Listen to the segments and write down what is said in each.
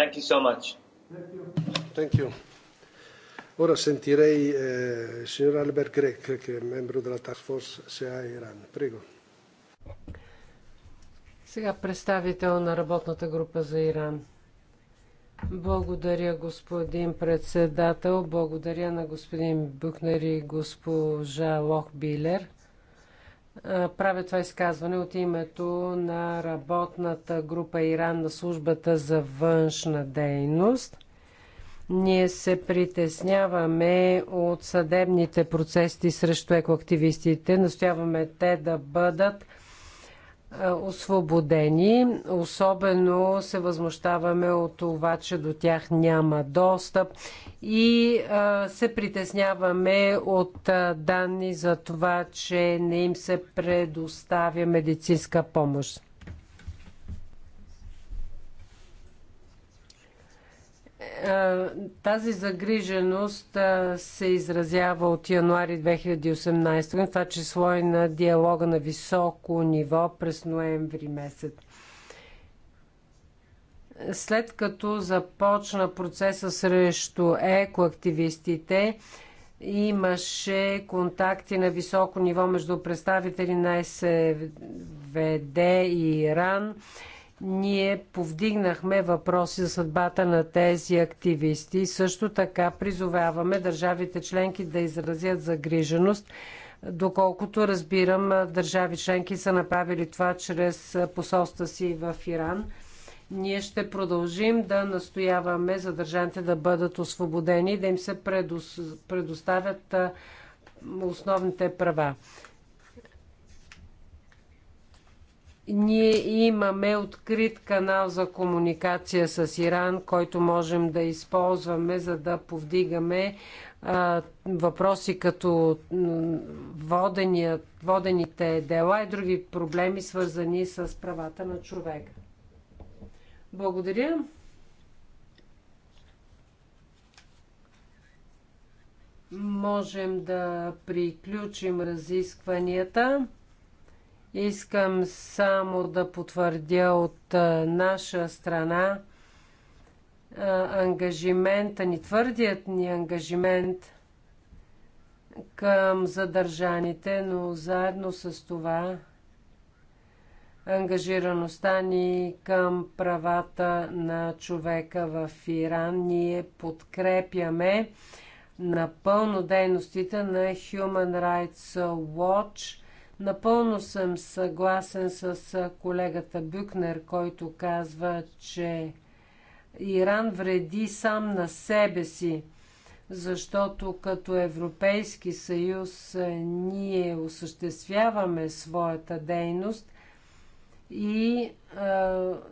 Thank you so much. Thank you. Ora sentirei eh, il signor Albert Grech, che è membro della Task Force SEA Iran. Prego. Сега представител на работната група за Иран. Благодаря, господин председател. Благодаря на господин Бюхнер и госпожа Лох Билер. Е, правя това изказване от името на работната група Иран на службата за външна дейност. Ние се притесняваме от съдебните процеси срещу екоактивистите. Настояваме те да бъдат е, освободени. Особено се възмущаваме от това, че до тях няма достъп и е, се притесняваме от е, данни за това, че не им се предоставя медицинска помощ. Е, тази загриженост е, се изразява от януари 2018, в това число и на диалога на високо ниво през ноември месец. След като започна процеса срещу екоактивистите, имаше контакти на високо ниво между представители на СВД и Иран ние повдигнахме въпроси за съдбата на тези активисти. Също така призоваваме държавите членки да изразят загриженост. Доколкото разбирам, държави членки са направили това чрез посолства си в Иран. Ние ще продължим да настояваме задържаните да бъдат освободени и да им се предоставят основните права. Ние имаме открит канал за комуникация с Иран, който можем да използваме, за да повдигаме а, въпроси като водените дела и други проблеми, свързани с правата на човека. Благодаря. Можем да приключим разискванията. Искам само да потвърдя от наша страна ангажимента ни, твърдият ни ангажимент към задържаните, но заедно с това ангажираността ни към правата на човека в Иран. Ние подкрепяме напълно дейностите на Human Rights Watch Напълно съм съгласен с колегата Бюкнер, който казва, че Иран вреди сам на себе си, защото като Европейски съюз ние осъществяваме своята дейност и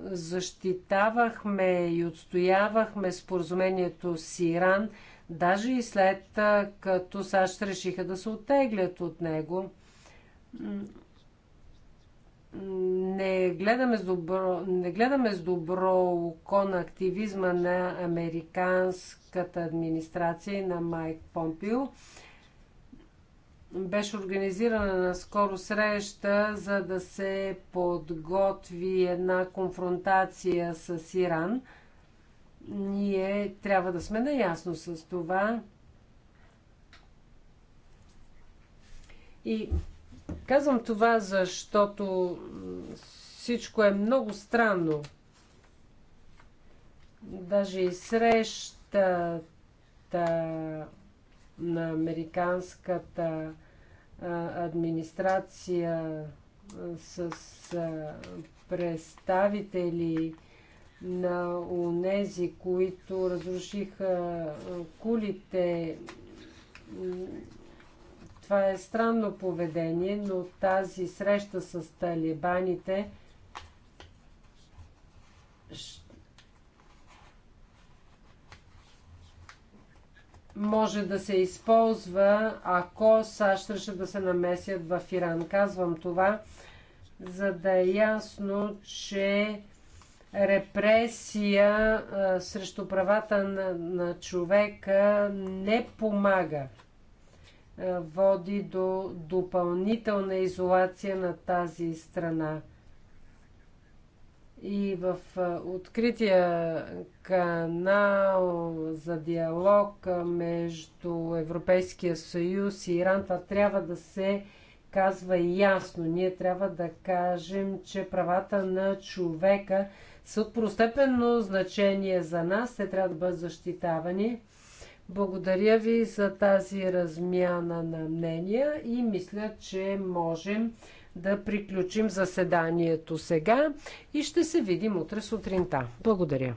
защитавахме и отстоявахме споразумението с Иран, даже и след като САЩ решиха да се оттеглят от него не гледаме с добро, не гледаме с добро око на активизма на американската администрация и на Майк Помпио. Беше организирана наскоро среща, за да се подготви една конфронтация с Иран. Ние трябва да сме наясно с това. И Казвам това, защото всичко е много странно. Даже и срещата на американската администрация с представители на онези, които разрушиха кулите това е странно поведение, но тази среща с талибаните може да се използва, ако САЩ решат да се намесят в Иран. Казвам това, за да е ясно, че репресия срещу правата на, на човека не помага. Е, води до допълнителна изолация на тази страна. И в е, открития канал за диалог е, между Европейския съюз и Иран това трябва да се казва ясно. Ние трябва да кажем, че правата на човека са от простепенно значение за нас. Те трябва да бъдат защитавани благодаря ви за тази размяна на мнения и мисля, че можем да приключим заседанието сега и ще се видим утре сутринта. Благодаря.